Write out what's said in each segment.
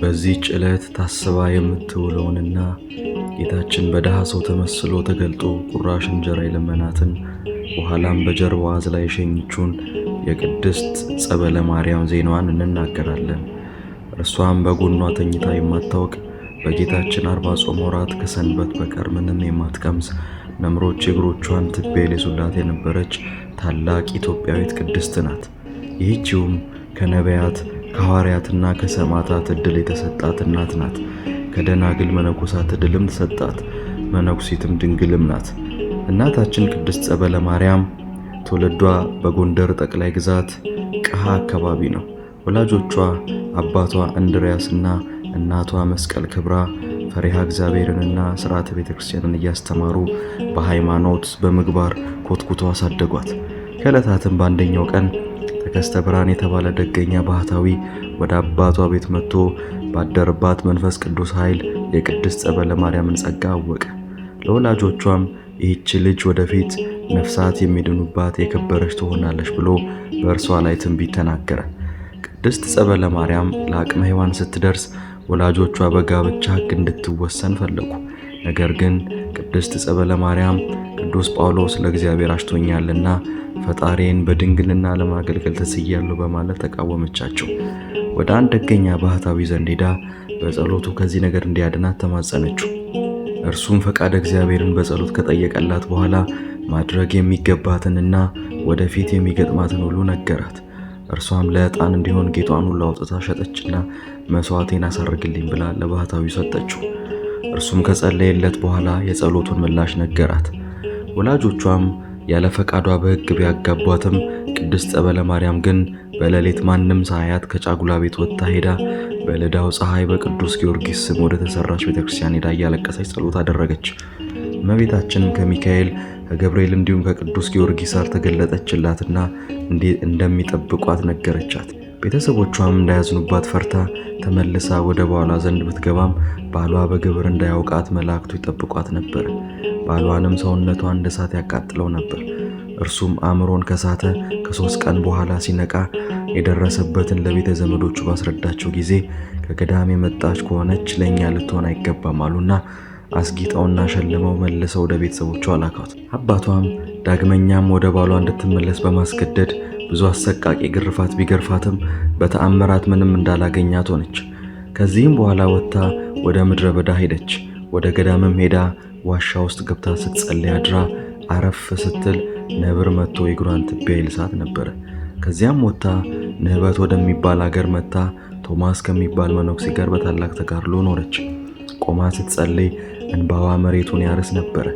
በዚህች ዕለት ታስባ የምትውለውንና ጌታችን በድሃ ሰው ተመስሎ ተገልጦ ቁራሽ እንጀራ የለመናትን በኋላም በጀርባዋ አዝላ የሸኘችውን የቅድስት ጸበለ ማርያም ዜናዋን እንናገራለን። እርሷም በጎኗ ተኝታ የማታውቅ በጌታችን አርባ ጾም ወራት ከሰንበት በቀር ምንም የማትቀምስ ነምሮች የእግሮቿን ትቢያ የሌሱላት የነበረች ታላቅ ኢትዮጵያዊት ቅድስት ናት። ይህችውም ከነቢያት ከሐዋርያትና ከሰማዕታት ዕድል የተሰጣት እናት ናት። ከደናግል መነኮሳት ዕድልም ተሰጣት፣ መነኩሲትም ድንግልም ናት። እናታችን ቅድስት ጸበለ ማርያም ትውልዷ በጎንደር ጠቅላይ ግዛት ቀሃ አካባቢ ነው። ወላጆቿ አባቷ እንድርያስና እናቷ መስቀል ክብራ ፈሪሃ እግዚአብሔርንና ስርዓተ ቤተ ክርስቲያንን እያስተማሩ በሃይማኖት በምግባር ኮትኩቶ አሳደጓት። ከዕለታትም በአንደኛው ቀን ደስተ ብርሃን የተባለ ደገኛ ባህታዊ ወደ አባቷ ቤት መጥቶ ባደረባት መንፈስ ቅዱስ ኃይል የቅድስት ጸበለ ማርያምን ጸጋ አወቀ። ለወላጆቿም ይህች ልጅ ወደፊት ነፍሳት የሚድኑባት የከበረች ትሆናለች ብሎ በእርሷ ላይ ትንቢት ተናገረ። ቅድስት ጸበለ ማርያም ለአቅመ ሔዋን ስትደርስ ወላጆቿ በጋብቻ ሕግ እንድትወሰን ፈለጉ። ነገር ግን ቅድስት ጸበለ ማርያም ቅዱስ ጳውሎስ ለእግዚአብሔር አሽቶኛልና ፈጣሪን በድንግልና ለማገልገል ተስያለሁ በማለት ተቃወመቻቸው። ወደ አንድ ደገኛ ባህታዊ ዘንድ ሄዳ በጸሎቱ ከዚህ ነገር እንዲያድናት ተማጸነችው። እርሱም ፈቃድ እግዚአብሔርን በጸሎት ከጠየቀላት በኋላ ማድረግ የሚገባትንና ወደፊት የሚገጥማትን ሁሉ ነገራት። እርሷም ለዕጣን እንዲሆን ጌጧን ሁሉ አውጥታ ሸጠችና መስዋዕቴን አሳርግልኝ ብላ ለባህታዊው ሰጠችው። እርሱም ከጸለየለት በኋላ የጸሎቱን ምላሽ ነገራት። ወላጆቿም ያለ ፈቃዷ በሕግ ቢያጋቧትም ቅድስት ጸበለ ማርያም ግን በሌሊት ማንም ሳያት ከጫጉላ ቤት ወጥታ ሄዳ በልዳው ፀሐይ በቅዱስ ጊዮርጊስ ስም ወደ ተሰራች ቤተክርስቲያን ሄዳ እያለቀሰች ጸሎት አደረገች። እመቤታችንም ከሚካኤል ከገብርኤል እንዲሁም ከቅዱስ ጊዮርጊስ ጋር ተገለጠችላትና እንደሚጠብቋት ነገረቻት። ቤተሰቦቿም እንዳያዝኑባት ፈርታ ተመልሳ ወደ ባሏ ዘንድ ብትገባም ባሏ በግብር እንዳያውቃት መላእክቱ ይጠብቋት ነበር። ባሏንም ሰውነቷ እንደ እሳት ያቃጥለው ነበር። እርሱም አእምሮን ከሳተ ከሶስት ቀን በኋላ ሲነቃ የደረሰበትን ለቤተ ዘመዶቹ ባስረዳቸው ጊዜ ከገዳም የመጣች ከሆነች ለእኛ ልትሆን አይገባም አሉና አስጊጠውና ሸልመው መልሰው ወደ ቤተሰቦቿ አላካት። አባቷም ዳግመኛም ወደ ባሏ እንድትመለስ በማስገደድ ብዙ አሰቃቂ ግርፋት ቢገርፋትም በተአምራት ምንም እንዳላገኛት ሆነች። ከዚህም በኋላ ወጥታ ወደ ምድረ በዳ ሄደች። ወደ ገዳምም ሄዳ ዋሻ ውስጥ ገብታ ስትጸልይ አድራ አረፍ ስትል ነብር መጥቶ እግሯን ትቢያ ይልሳት ነበረ። ከዚያም ወጥታ ንህበት ወደሚባል አገር መጥታ ቶማስ ከሚባል መነኩሴ ጋር በታላቅ ተጋድሎ ኖረች። ቆማ ስትጸልይ እንባዋ መሬቱን ያርስ ነበረ።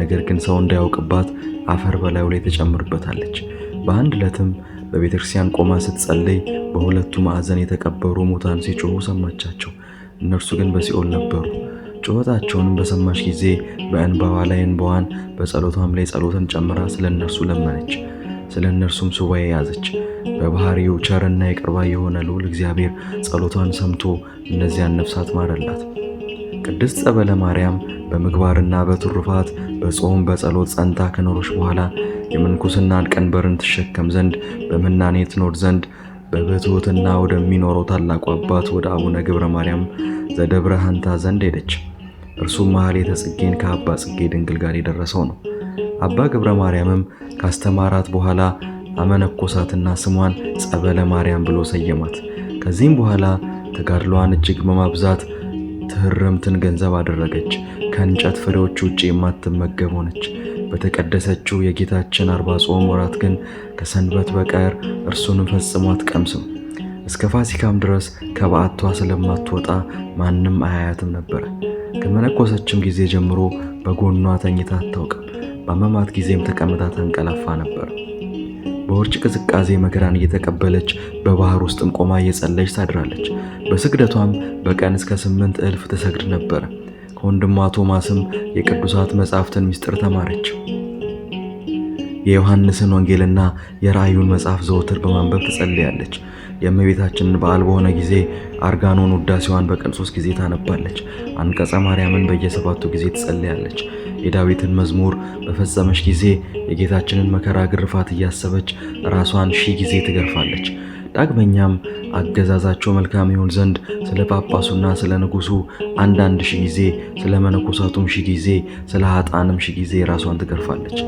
ነገር ግን ሰው እንዳያውቅባት አፈር በላዩ ላይ ተጨምርበታለች። በአንድ ዕለትም በቤተክርስቲያን ቆማ ስትጸልይ በሁለቱ ማዕዘን የተቀበሩ ሙታን ሲጮሁ ሰማቻቸው። እነርሱ ግን በሲኦል ነበሩ። ጩኸታቸውን በሰማች ጊዜ በእንባዋ ላይ እንባዋን በጸሎቷም ላይ ጸሎትን ጨምራ ስለ እነርሱ ለመነች። ስለ እነርሱም ሱባኤ ያዘች። በባህሪው ቸርና የቅርባ የሆነ ልዑል እግዚአብሔር ጸሎቷን ሰምቶ እነዚያን ነፍሳት ማረላት። ቅድስት ጸበለ ማርያም በምግባርና በትሩፋት በጾም በጸሎት ጸንታ ከኖሮች በኋላ የምንኩስናን ቀንበርን ትሸከም ዘንድ በምናኔ ትኖር ዘንድ በብትውትና ወደሚኖረው ታላቁ አባት ወደ አቡነ ገብረ ማርያም ዘደብረ ሀንታ ዘንድ ሄደች። እርሱም ማኅሌተ ጽጌን ከአባ ጽጌ ድንግል ጋር የደረሰው ነው። አባ ገብረ ማርያምም ካስተማራት በኋላ አመነኮሳትና ስሟን ጸበለ ማርያም ብሎ ሰየማት። ከዚህም በኋላ ተጋድሏን እጅግ በማብዛት ትህርምትን ገንዘብ አደረገች። ከእንጨት ፍሬዎች ውጭ የማትመገብ ሆነች። በተቀደሰችው የጌታችን አርባ ጾም ወራት ግን ከሰንበት በቀር እርሱንም ፈጽሞ አትቀምስም። እስከ ፋሲካም ድረስ ከበዓቷ ስለማትወጣ ማንም አያያትም ነበረ። ከመነኮሰችም ጊዜ ጀምሮ በጎኗ ተኝታ አታውቅም። በአመማት ጊዜም ተቀምጣ ተንቀላፋ ነበር። በውርጭ ቅዝቃዜ መከራን እየተቀበለች በባህር ውስጥም ቆማ እየጸለች ታድራለች። በስግደቷም በቀን እስከ ስምንት እልፍ ትሰግድ ነበር። ከወንድሟ ቶማስም የቅዱሳት መጻሕፍትን ምስጢር ተማረች። የዮሐንስን ወንጌልና የራእዩን መጽሐፍ ዘወትር በማንበብ ትጸልያለች። የእመቤታችንን በዓል በሆነ ጊዜ አርጋኖን ውዳሴዋን በቀን ሶስት ጊዜ ታነባለች። አንቀጸ ማርያምን በየሰባቱ ጊዜ ትጸልያለች። የዳዊትን መዝሙር በፈጸመች ጊዜ የጌታችንን መከራ ግርፋት እያሰበች ራሷን ሺህ ጊዜ ትገርፋለች። ዳግመኛም አገዛዛቸው መልካም ይሆን ዘንድ ስለ ጳጳሱና ስለ ንጉሱ አንዳንድ ሺ ጊዜ ስለ መነኮሳቱም ሺ ጊዜ ስለ ኃጣንም ሺ ጊዜ ራሷን ትገርፋለች።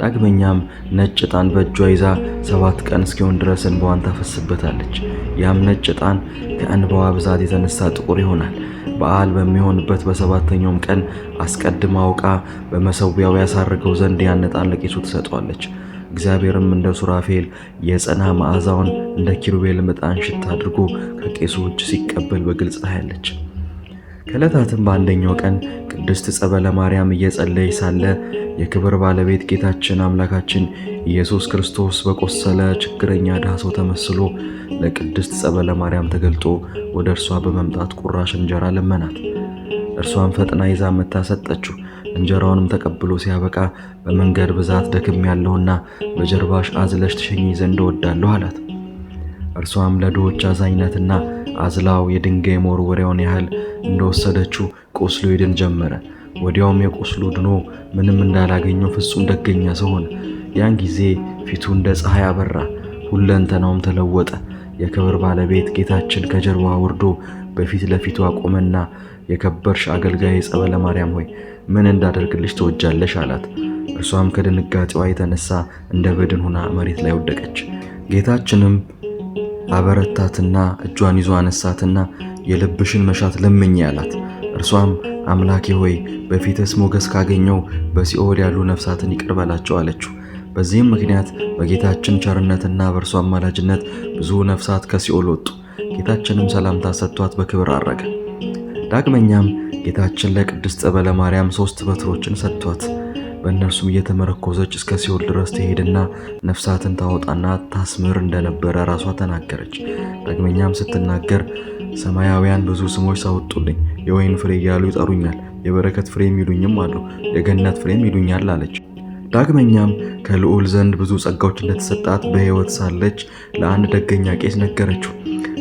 ዳግመኛም ነጭ ዕጣን በእጇ ይዛ ሰባት ቀን እስኪሆን ድረስ እንባዋን ታፈስበታለች። ያም ነጭ ዕጣን ከእንባዋ ብዛት የተነሳ ጥቁር ይሆናል። በዓል በሚሆንበት በሰባተኛውም ቀን አስቀድማ አውቃ በመሰዊያው ያሳርገው ዘንድ ያን ዕጣን ለቄሱ ትሰጠዋለች። እግዚአብሔርም እንደ ሱራፌል የጸና መዓዛውን እንደ ኪሩቤል ምጣን ሽታ አድርጎ ከቄሱ ሲቀበል በግልጽ ታያለች። ከዕለታትም በአንደኛው ቀን ቅድስት ጸበለ ማርያም እየጸለይ ሳለ የክብር ባለቤት ጌታችን አምላካችን ኢየሱስ ክርስቶስ በቆሰለ ችግረኛ ድሃ ሰው ተመስሎ ለቅድስት ጸበለ ማርያም ተገልጦ ወደ እርሷ በመምጣት ቁራሽ እንጀራ ለመናት። እርሷን ፈጥና ይዛ መታ ሰጠችው። እንጀራውንም ተቀብሎ ሲያበቃ በመንገድ ብዛት ደክም ያለውና በጀርባሽ አዝለሽ ትሸኝ ዘንድ እወዳለሁ አላት። እርሷም ለድሆች አዛኝነትና አዝላው የድንጋይ መወርወሪያውን ያህል እንደወሰደችው ቁስሉ ይድን ጀመረ። ወዲያውም የቁስሉ ድኖ ምንም እንዳላገኘው ፍጹም ደገኛ ሰው ሆነ። ያን ጊዜ ፊቱ እንደ ፀሐይ አበራ፣ ሁለንተናውም ተለወጠ። የክብር ባለቤት ጌታችን ከጀርባ ወርዶ በፊት ለፊቱ አቆመና የከበርሽ አገልጋይ ጸበለ ማርያም ሆይ ምን እንዳደርግልሽ ትወጃለሽ አላት። እርሷም ከድንጋጤዋ የተነሳ እንደ በድን ሆና መሬት ላይ ወደቀች። ጌታችንም አበረታትና እጇን ይዞ አነሳትና የልብሽን መሻት ለምኝ አላት። እርሷም አምላኬ ሆይ በፊትስ ሞገስ ካገኘው በሲኦል ያሉ ነፍሳትን ይቅር በላቸው አለችው። በዚህም ምክንያት በጌታችን ቸርነትና በእርሷ አማላጅነት ብዙ ነፍሳት ከሲኦል ወጡ። ጌታችንም ሰላምታ ሰጥቷት በክብር አረገ። ዳግመኛም ጌታችን ለቅድስት ጸበለ ማርያም ሦስት በትሮችን ሰጥቷት በእነርሱም እየተመረኮዘች እስከ ሲኦል ድረስ ትሄድና ነፍሳትን ታወጣና ታስምር እንደነበረ ራሷ ተናገረች። ዳግመኛም ስትናገር ሰማያውያን ብዙ ስሞች ሳወጡልኝ የወይን ፍሬ እያሉ ይጠሩኛል፣ የበረከት ፍሬ ይሉኝም አሉ፣ የገነት ፍሬም ይሉኛል አለች። ዳግመኛም ከልዑል ዘንድ ብዙ ጸጋዎች እንደተሰጣት በሕይወት ሳለች ለአንድ ደገኛ ቄስ ነገረችው።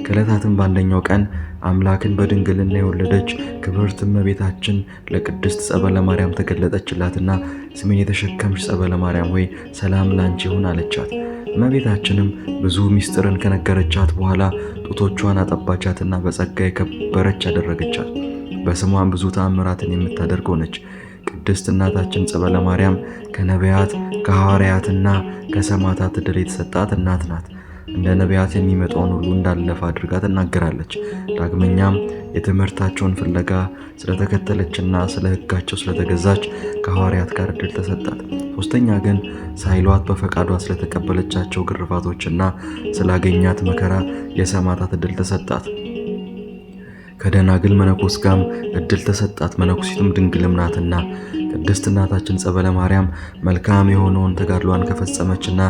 ከዕለታትም በአንደኛው ቀን አምላክን በድንግልና የወለደች ክብርት እመቤታችን ለቅድስት ጸበለ ማርያም ተገለጠችላትና ስሜን የተሸከምሽ ጸበለ ማርያም ሆይ ሰላም ላንቺ ይሁን አለቻት። እመቤታችንም ብዙ ምስጢርን ከነገረቻት በኋላ ጡቶቿን አጠባቻትና በጸጋ የከበረች አደረገቻት። በስሟን ብዙ ተአምራትን የምታደርግ ሆነች። ቅድስት እናታችን ጸበለ ማርያም ከነቢያት ከሐዋርያትና ከሰማዕታት ድል የተሰጣት እናት ናት። እንደ ነቢያት የሚመጣውን ሁሉ እንዳለፈ አድርጋ ትናገራለች። ዳግመኛም የትምህርታቸውን ፍለጋ ስለተከተለችና ስለ ሕጋቸው ስለተገዛች ከሐዋርያት ጋር እድል ተሰጣት። ሶስተኛ ግን ሳይሏት በፈቃዷ ስለተቀበለቻቸው ግርፋቶችና ስላገኛት መከራ የሰማዕታት እድል ተሰጣት። ከደናግል መነኮስ ጋም እድል ተሰጣት። መነኩሲትም ድንግልም ናትና ቅድስት እናታችን ጸበለ ማርያም መልካም የሆነውን ተጋድሏን ከፈጸመችና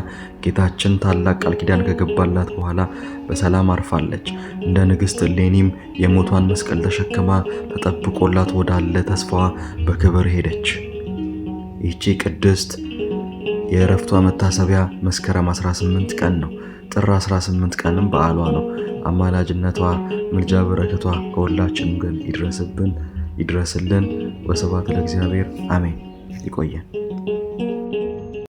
ጌታችን ታላቅ ቃል ኪዳን ከገባላት በኋላ በሰላም አርፋለች። እንደ ንግሥት ሌኒም የሞቷን መስቀል ተሸክማ ተጠብቆላት ወዳለ ተስፋዋ በክብር ሄደች። ይቺ ቅድስት የእረፍቷ መታሰቢያ መስከረም 18 ቀን ነው። ጥር 18 ቀንም በዓሏ ነው። አማላጅነቷ፣ ምልጃ በረከቷ ከሁላችንም ግን ይድረስብን። ይድረስልን። ወስብሐት ለእግዚአብሔር አሜን። ይቆየን።